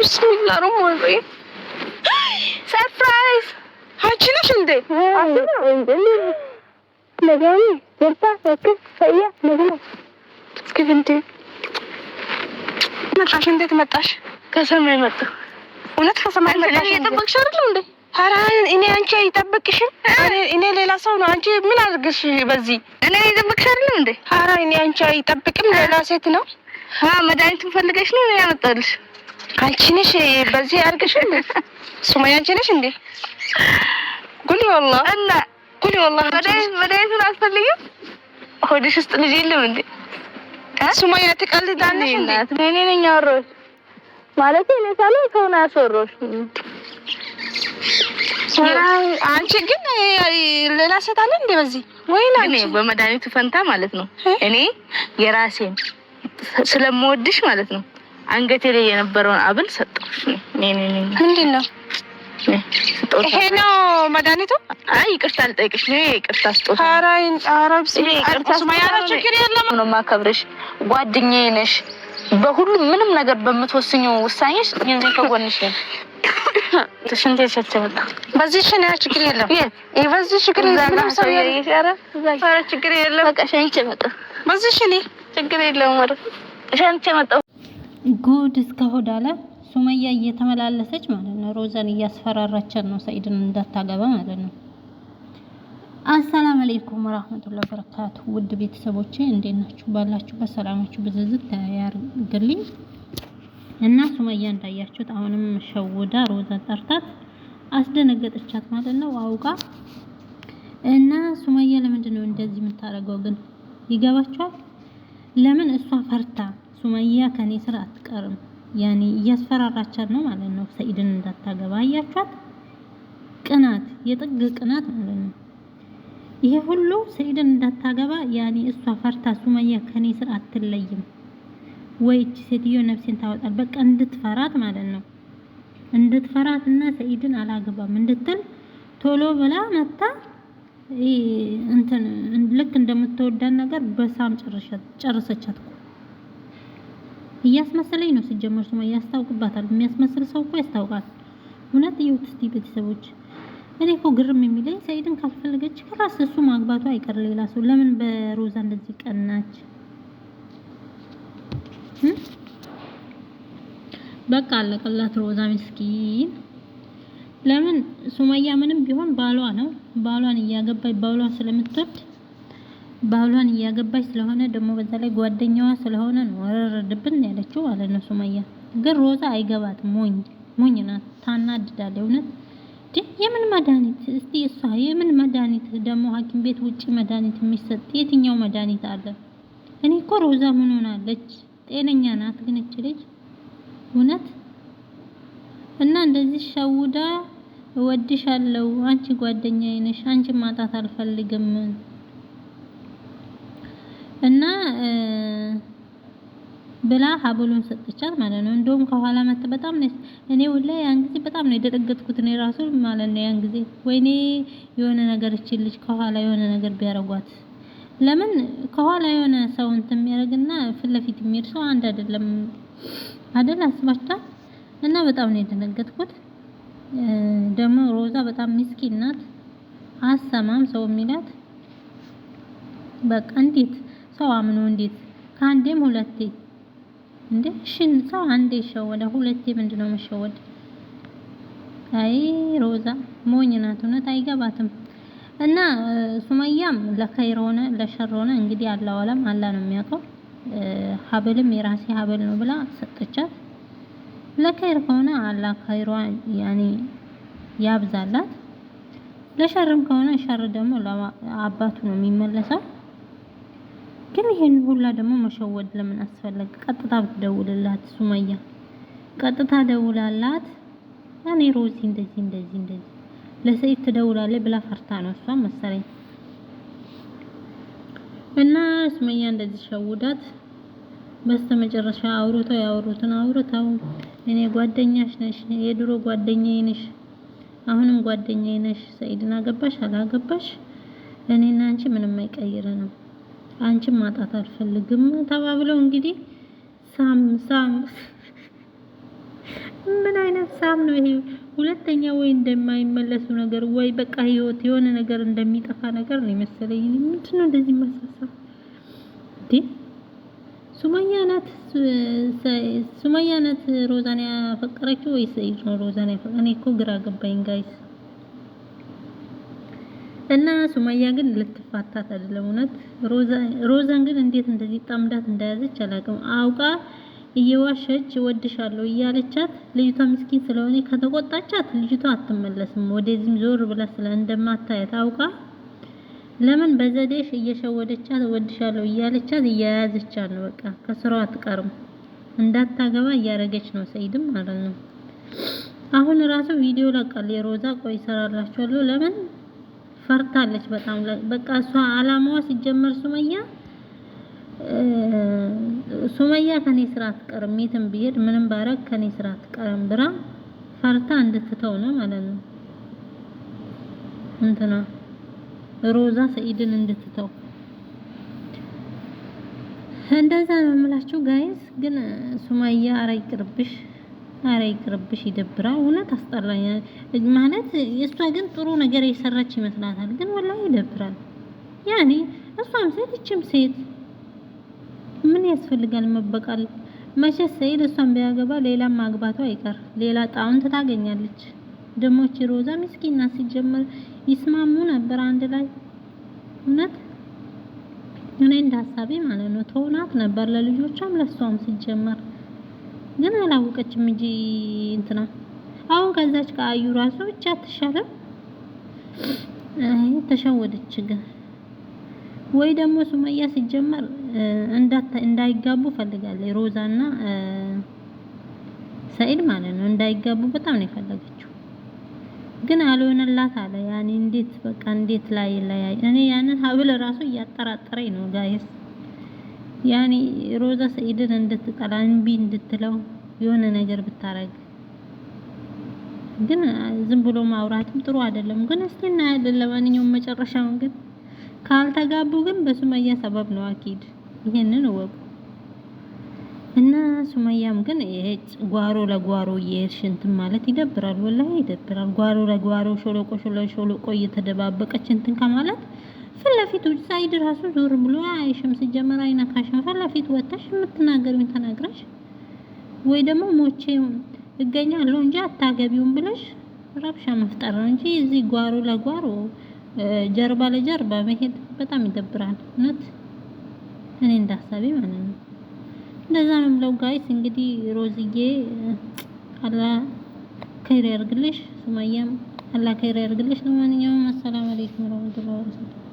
ቢስሚላህ ነው ማለት ሰርፕራይዝ አንቺ ነሽ እንዴ? መጣሽ? እንዴት መጣሽ? ከሰማይ መጣ። እውነት ከሰማይ መጣሽ? እየጠበቅሽ አይደል እንዴ? ኧረ እኔ አንቺ አይጠብቅሽም። እኔ ሌላ ሰው ነው። አንቺ ምን አድርግሽ በዚህ? እኔ አይጠብቅሽ አይደል እንዴ? ኧረ እኔ አንቺ አይጠብቅም። ሌላ ሴት ነው። መድኃኒቱን ፈልገሽ ነው ያመጣልሽ አንቺ በዚህ አድርገሽ እንዴ? ሱማያ አንቺ ነሽ እንዴ? ጉሊ ወላሂ እና ጉሊ ወላሂ መድኃኒቱን አስፈልግም። ሆድሽ ውስጥ ልጅ የለም እንዴ? ሱማያ ትቀልዳለሽ እንዴ? እኔ ነኝ አወራሁሽ ማለት እኔ ሳልሆን ሰው ነው ያስወራሁሽ። አንቺ ግን ሌላ ሴት አለ እንዴ በዚህ ወይ እኔ በመድኃኒቱ ፈንታ ማለት ነው እኔ የራሴን ስለምወድሽ ማለት ነው አንገቴ ላይ የነበረውን አብል ሰጠሁሽ። ምንድን ነው ይሄ? ነው መድኃኒቱ? አይ ይቅርታ ልጠይቅሽ ነው ይቅርታ ስጦታ። ችግር የለም ነው የማከብርሽ፣ ጓደኛዬ ነሽ። በሁሉም ምንም ነገር በምትወስኙ ውሳኔሽ ይህን ከጎንሽ ነው። ሽንት የሸት በዚህ ሽን ያ ችግር የለም። በዚህ ችግር የለም። ሰው ችግር የለም። በቃ ሸንቼ መጣሁ። በዚህ ሽን ችግር የለም። ሸንቼ መጣሁ። ጉድ እስከ ሆድ አለ። ሱመያ እየተመላለሰች ማለት ነው። ሮዛን እያስፈራራቻት ነው ሰኢድን እንዳታገባ ማለት ነው። አሰላም አለይኩም ወራህመቱላሂ ወበረካቱ። ውድ ቤተሰቦቼ እንዴት ናችሁ? ባላችሁ ሰላማችሁ ብዝዝት ያርግልኝ። እና ሱመያ እንዳያችሁት አሁንም ሸውዳ ሮዛ ጠርታት አስደነገጠቻት ማለት ነው አውቃ። እና ሱመያ ለምንድን ነው እንደዚህ የምታደርገው ግን ይገባችኋል? ለምን እሷ ፈርታ ሱመያ ከኔ ስራ አትቀርም። ያኔ እያስፈራራቻት ነው ማለት ነው፣ ሰኢድን እንዳታገባ አያችኋት። ቅናት፣ የጥግ ቅናት ማለት ነው። ይሄ ሁሉ ሰኢድን እንዳታገባ ያኔ እሷ ፈርታ ሱመያ ከኔ ስራ አትለይም ወይ እቺ ሴትዮ ነፍሴን ታወጣል፣ በቃ እንድትፈራት ማለት ነው እንድትፈራት እና ሰኢድን አላገባም እንድትል ቶሎ ብላ መታ እንትን ልክ እንደምትወዳን ነገር በሳም ጨርሰቻት። እያስመሰለኝ ነው። ሲጀመር ሱመያ ያስታውቅባታል። የሚያስመስል ሰው እኮ ያስታውቃል። እውነት እዩት እስቲ ቤተሰቦች። እኔ እኮ ግርም የሚለኝ ሰኢድን ካልፈለገች ከራስ እሱ ማግባቱ አይቀር ሌላ ሰው። ለምን በሮዛ እንደዚህ ቀናች? በቃ አለቀላት ሮዛ ምስኪን። ለምን ሱመያ ምንም ቢሆን ባሏ ነው። ባሏን እያገባች ባሏን ስለምትወድ ባህሏን እያገባች ስለሆነ ደግሞ በዛ ላይ ጓደኛዋ ስለሆነ ነው ወረረድብን ያለችው ማለት ነው። ሱመያ ግን ሮዛ አይገባት ሞኝ ሞኝ ናት። ታናድዳለ። እውነት የምን መድኃኒት እስቲ እሷ የምን መድኃኒት ደግሞ ሐኪም ቤት ውጪ መድኃኒት የሚሰጥ የትኛው መድኃኒት አለ? እኔ እኮ ሮዛ ምን ሆናለች? ጤነኛ ናት። ግን እች ልጅ እውነት እና እንደዚህ ሸውዳ እወድሻለሁ፣ አንቺ ጓደኛዬ ነሽ፣ አንቺ ማጣት አልፈልግም ብላ ሀብሉን ሰጠቻት ማለት ነው። እንደውም ከኋላ መት በጣም ነው እኔ ወላሂ ያን ጊዜ በጣም ነው የደረገጥኩት እኔ ራሱ ማለት ነው። ያን ጊዜ ወይኔ የሆነ ነገር እቺ ልጅ ከኋላ የሆነ ነገር ቢያረጓት። ለምን ከኋላ የሆነ ሰው እንትን የሚያደርግና ፊት ለፊት የሚሄድ ሰው አንድ አይደለም አይደል? አስባችኋል? እና በጣም ነው የደነገጥኩት። ደግሞ ሮዛ በጣም ምስኪን ናት። አሰማም ሰው የሚላት በቃ እንዴት ሰው አምኖ እንዴት ከአንዴም ሁለቴ እንዴ ሽን ሰው አንዴ ይሸወደ ሁለቴ ምንድነው መሸወድ? አይ ሮዛ ሞኝ ናት፣ እውነት አይገባትም። እና ሱመያም ለከይር ሆነ ለሸር ሆነ እንግዲህ አላህ አለም አላህ ነው የሚያውቀው። ሀብልም የራሴ ሀብል ነው ብላ ሰጥቻት ለከይር ከሆነ አላህ ከይሯ ያኔ ያብዛላት፣ ለሸርም ከሆነ ሸር ደግሞ አባቱ ነው የሚመለሰው። ግን ይሄን ሁላ ደግሞ መሸወድ ለምን አስፈለገ? ቀጥታ ብትደውልላት ሱመያ ቀጥታ ደውላላት እኔ ሮዚ እንደዚህ እንደዚህ እንደዚህ ለሰይድ ትደውላለች ብላ ፈርታ ነው እሷ መሰለኝ። እና ሱመያ እንደዚህ ሸውዳት በስተመጨረሻ አውርተው ያወሩትን አውርተው እኔ ጓደኛሽ ነሽ፣ የድሮ ጓደኛዬ ነሽ፣ አሁንም ጓደኛዬ ነሽ፣ ሰይድን አገባሽ አላገባሽ እኔና አንቺ ምንም አይቀይረንም አንቺን ማጣት አልፈልግም ተባብለው እንግዲህ ሳም ሳም ምን አይነት ሳም ነው ይሄ? ሁለተኛ ወይ እንደማይመለሱ ነገር ወይ በቃ ህይወት የሆነ ነገር እንደሚጠፋ ነገር ነው የመሰለኝ። ምንድን ነው እንደዚህ ማሳሳ እንዴ? ሱመያ ናት ሱመያ ናት ሮዛን ያፈቀረችው ወይስ ነው ሮዛን ያፈቀረችው? እኔ እኮ ግራ ገባኝ ጋይስ። እና ሱማያ ግን ልትፋታት አይደለም እውነት። ሮዛን ግን እንዴት እንደዚህ ጣምዳት እንደያዘች አላውቅም። አውቃ እየዋሸች ወድሻለሁ እያለቻት ልጅቷ ምስኪን ስለሆነ ከተቆጣቻት ልጅቷ አትመለስም። ወደዚህም ዞር ብላ ስለ እንደማታያት አውቃ ለምን በዘዴሽ እየሸወደቻት ወድሻለሁ እያለቻት እያያዘቻት ነው። በቃ ከስራው አትቀርም። እንዳታገባ እያረገች ነው። ሰይድም ማለት ነው። አሁን ራሱ ቪዲዮ ለቃል የሮዛ ቆይ ሰራላችኋለሁ ለምን ፈርታለች በጣም በቃ እሷ አላማዋ ሲጀመር ሱመያ ሱመያ ከኔ ስራ አትቀርም፣ የትም ብሄድ ምንም ባረግ ከኔ ስራ አትቀርም ብራ ፈርታ እንድትተው ነው ማለት ነው። እንትና ሮዛ ሰኢድን እንድትተው እንደዛ ነው የምላችሁ ጋይስ። ግን ሱመያ አረ ይቅርብሽ። አረ ይቅርብሽ፣ ይደብራል። እውነት አስጠላኝ ማለት እሷ ግን ጥሩ ነገር የሰራች ይመስላታል፣ ግን ወላሂ ይደብራል። ያኔ እሷም ሴት እችም ሴት ምን ያስፈልጋል መበቃል? መቼ ሰይድ እሷን ቢያገባ ሌላ ማግባቷ አይቀር ሌላ ጣውንት ታገኛለች። ደሞች ሮዛ ምስኪና ሲጀመር ይስማሙ ነበር አንድ ላይ እውነት እኔ እንደ ሀሳቤ ማለት ነው ተውናት ነበር ለልጆቿም ለሷም ሲጀመር ግን አላወቀችም እንጂ እንትና አሁን ከዛች ከአዩ ራሱ ብቻ አትሻለም። አይ ተሸወደች። ግን ወይ ደግሞ ሱመያ ሲጀመር እንዳታ እንዳይጋቡ ፈልጋለች። ሮዛና ሰኢድ ማለት ነው እንዳይጋቡ በጣም ነው የፈለገችው። ግን አልሆነላት አለ። ያኔ እንዴት በቃ እንዴት ላይ ላይ እኔ ያንን ሀብል ራሱ እያጠራጠረኝ ነው ጋይስ ያኔ ሮዛ ሰኢድን እንድትጠላ እምቢ እንድትለው የሆነ ነገር ብታረግ ግን ዝም ብሎ ማውራትም ጥሩ አይደለም። ግን እስቲ እናያለን። ለማንኛውም መጨረሻውን ግን ካልተጋቡ ግን በሱመያ ሰበብ ነው አኪድ፣ ይሄንን እወቁ እና ሱመያም ግን ይሄ ጓሮ ለጓሮ እየሄድሽ እንትን ማለት ይደብራል፣ ወላሂ ይደብራል። ጓሮ ለጓሮ ሾሎቆ ሾሎቆ እየተደባበቀች እንትን ከማለት ለፊት ውጭ ሳይድ ራሱ ዞር ብሎ አይሽም። ሲጀመር አይነካሽም። ፈለፊት ወጥተሽ የምትናገሪውን ተናግረሽ ወይ ደግሞ ሞቼ እገኛለሁ እንጂ አታገቢውም ብለሽ ረብሻ መፍጠር ነው እንጂ እዚህ ጓሮ ለጓሮ ጀርባ ለጀርባ መሄድ በጣም ይደብራል። እውነት እኔ እንዳሳቢ ማለት ነው። እንደዛ ነው ብለው ጋይስ እንግዲህ ሮዝዬ አላ ከይር ያርግልሽ፣ ሱማያም አላ ከይር ያርግልሽ። ለማንኛውም አሰላም አለይኩም ወራህመቱላሂ ወበረካቱ